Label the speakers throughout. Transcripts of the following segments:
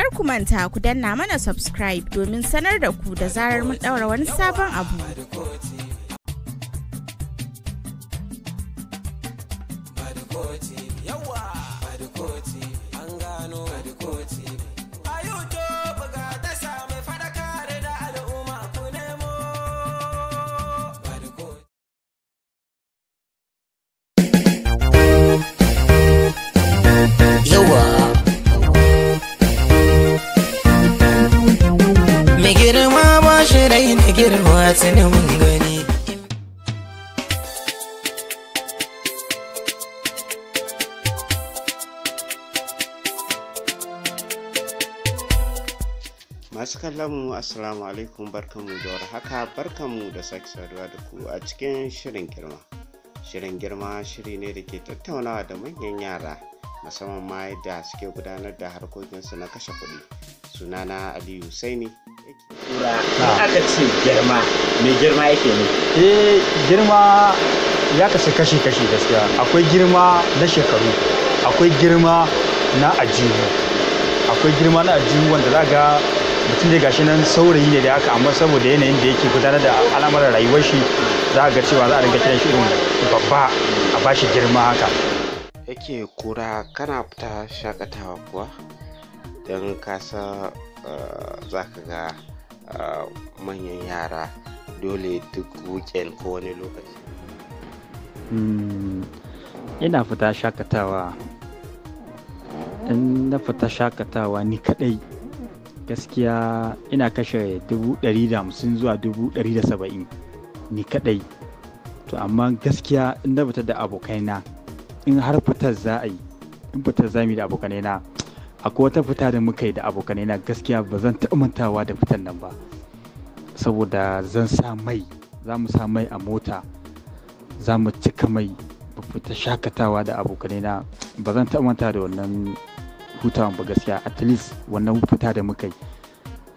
Speaker 1: kar ku manta ku danna mana subscribe domin sanar da ku da zarar mun ɗaura wani sabon abu. thank you Masu kallon mu asalamu alaikum barkanmu da warhaka barkanmu da sake saduwa da ku a cikin shirin girma shirin girma shiri ne da ke tattaunawa da manyan yara musamman ma yadda suke gudanar da harkokinsu na kashe kuɗi sunana aliyu saini aka ce girma
Speaker 2: mai girma yake ne eh girma ya kashe kashi kashi gaskiya akwai girma na shekaru akwai girma na ajiyu, akwai girma na ajiyu, wanda za ga mutum da gashi nan saurayi ne da haka amma saboda yanayin da yake gudanar da al'amuran rayuwar shi za ga cewa za a dinga kiran shi irin babba a bashi girma haka yake kura kana fita shakatawa kuwa
Speaker 1: don kasa eh, za ka ga manyan yara dole duk weekend ko wani lokaci
Speaker 2: hmm, ina fita shakatawa in na fita shakatawa ni kadai gaskiya ina kashe hamsin zuwa saba'in ni kadai to amma gaskiya in na fita da abokaina in har fitar za a yi in fitar za mu yi da abokaina akwai wata fita da muka yi da abokanai na gaskiya ba zan taɓa mantawa da fitan nan ba saboda zan sa mai za mu sa mai a mota za mu cika mai fita shakatawa da abokanai na ba zan taɓa mantawa da wannan hutawan ba gaskiya at least wannan fita da muka yi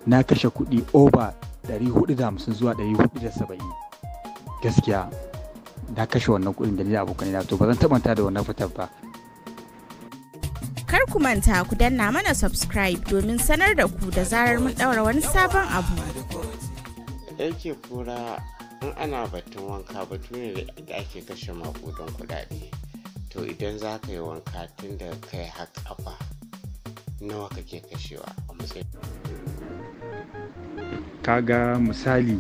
Speaker 2: na kashe kuɗi over 450 zuwa 470 gaskiya na kashe wannan kuɗin da ni da abokanai na to ba zan taɓa mantawa da wannan fitar ba
Speaker 1: kar ku manta ku danna mana subscribe domin sanar da ku da zarar mun ɗaura wani sabon abu. Yake kura in ana batun wanka batu ne da ake kashe makudan kuɗaɗe. To idan za ka yi wanka tun da kai har ƙafa nawa kake kashewa a matsayin.
Speaker 2: Kaga misali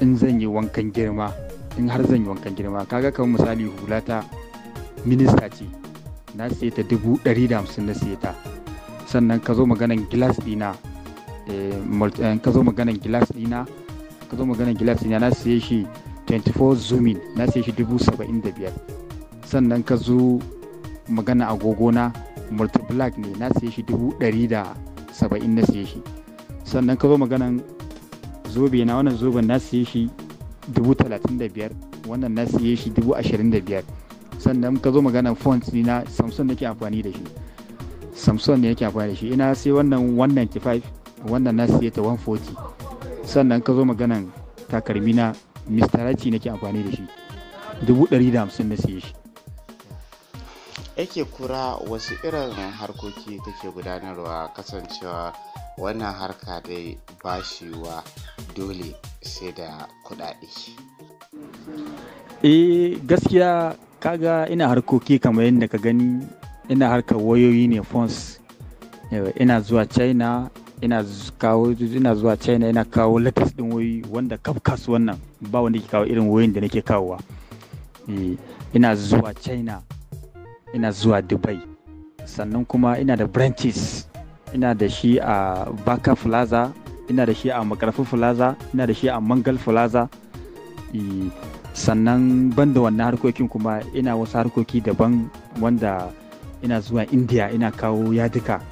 Speaker 2: in zan yi wankan girma in har zan yi wankan girma kaga kamar misali hulata minista ce na siye ta dubu ɗari da hamsin na siye ta sannan ka zo maganan gilas dina eh, eh, ka zo maganan gilas dina ka zo maganan gilas dina na siye shi 24 zumin na siye shi dubu saba'in da biyar sannan ka zo magana agogona black ne na siye shi dubu ɗari da saba'in na siye shi sannan ka zo maganan zobe na wannan zoben na siye shi dubu talatin da biyar wannan na siye shi dubu ashirin da biyar sannan ka zo maganar font ni na samsung nake amfani da shi samson ne yake amfani da shi ina sai wannan 195 wannan na siye ta 140 sannan ka zo magana takalmi na mistaraci nake amfani da shi 150 na siye shi
Speaker 1: yake kura wasu irin harkoki take gudanarwa kasancewa wannan harka dai bashiwa dole sai da kudade
Speaker 2: eh gaskiya Kaga ina harkoki kamar yadda ka gani ina harkar wayoyi ne fons eh, Ina zuwa China ina kawo ina zuwa China ina kawo latas ɗin wayoyi wanda kaf kasuwan nan ba wanda ke kawo irin wayoyin da nake kawowa. Eh, ina zuwa China, ina zuwa Dubai. Sannan kuma ina da branches. Ina da shi a Baka Plaza, ina da shi a Makarfi Plaza, ina da shi a Mangal Plaza. Eh, sannan ban da wannan harkokin kuma ina wasu harkoki daban wanda ina zuwa india ina kawo yadika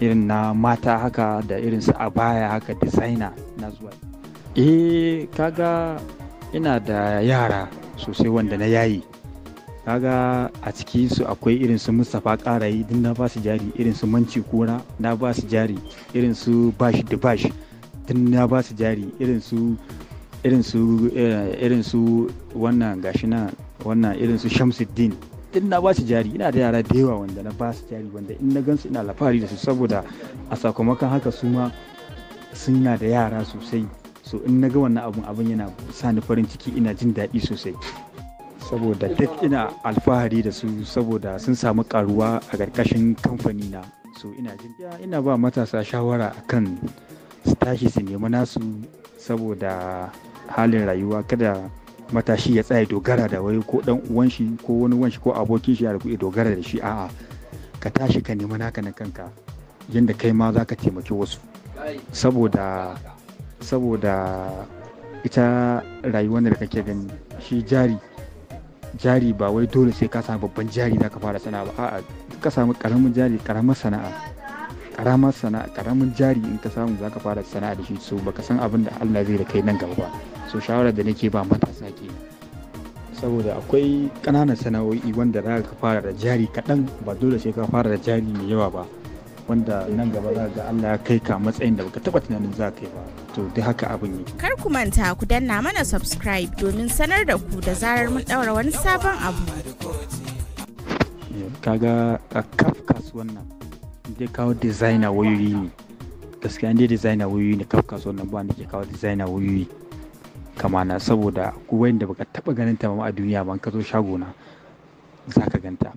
Speaker 2: irin na mata haka da irin su abaya haka designer na zuwa eh kaga ina da yara sosai wanda na yayi kaga a cikin su akwai irin su mustapha karayi din na basu jari irin su manci kura na basu jari irin su bashi da bashi din na basu jari irin su irin su eh, irin su wannan gashi na wannan irin su Shamsuddin din na ba su jari ina da yara da yawa wanda na ba su jari wanda in na gansu ina alfahari da su saboda a sakamakon haka su ma suna da yara sosai so in na ga wannan abun abun yana sa ni farin ciki ina jin daɗi sosai saboda duk ina alfahari da su saboda sun samu karuwa a ƙarƙashin kamfani na so ina jin ina ba matasa shawara akan su tashi su nemi nasu saboda halin rayuwa kada matashi ya tsaya dogara da wai ko dan uwan shi ko wani uwan ko abokin shi ya dogara da shi a'a ka tashi ka nemi naka na kanka yadda kai ma za ka taimaki wasu saboda saboda ita rayuwar da kake gani shi jari jari ba wai dole sai ka samu babban jari za ka fara sana'a ba a'a ka samu karamin jari karamar sana'a karamar sana karamin jari in ka samu zaka fara sana'a da shi so baka san abin da Allah zai da kai nan gaba ba so shawara da nake ba matasa ke saboda akwai ƙananan sana'o'i wanda za ka fara da jari kaɗan ba dole sai ka fara da jari mai yawa ba wanda nan gaba za ga Allah ya kai ka matsayin da baka taba tunanin za ka yi ba to dai haka abin yake
Speaker 1: kar ku manta ku danna mana subscribe domin sanar da ku da zarar mun daura wani sabon abu
Speaker 2: kaga a kaf kasuwan nan dai kawo designer wayoyi ne gaskiya dai designer wayoyi ne kaf kasuwar nan ba ke kawo designer wayoyi kama na saboda da baka taba ganin ta ma a duniya ba ka zo shago na ka ganta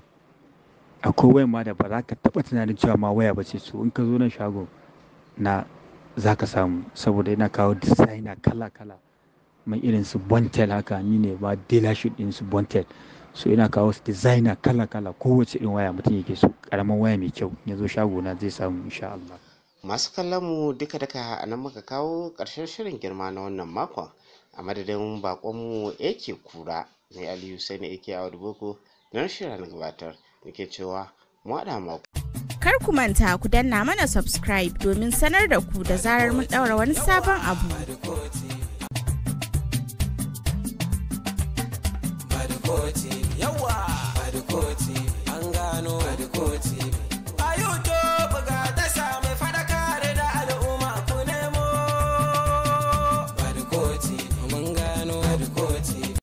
Speaker 2: akwai wayan ma da ba za ka taba tunanin cewa ma waya ba ce su in ka zo nan shago na za ka samu saboda yana kawo designer kala kala mai irin su bontel haka ni ne ba dealership din su bontel so ina kawo su designer kala kala kowace irin waya mutum yake so karamin waya mai kyau ya shago na zai samu insha Allah
Speaker 1: masu kallon mu duka duka a nan muka kawo ƙarshen shirin girma na wannan makon a madadin bakon mu yake kura mai aliyu sani yake a boko don shirin gabatar yake cewa mu haɗa mako kar ku manta ku danna mana subscribe domin sanar da ku da zarar mun ɗaura wani sabon abu
Speaker 2: Badukoti. Yawa! Badukoti. An gano. adikoti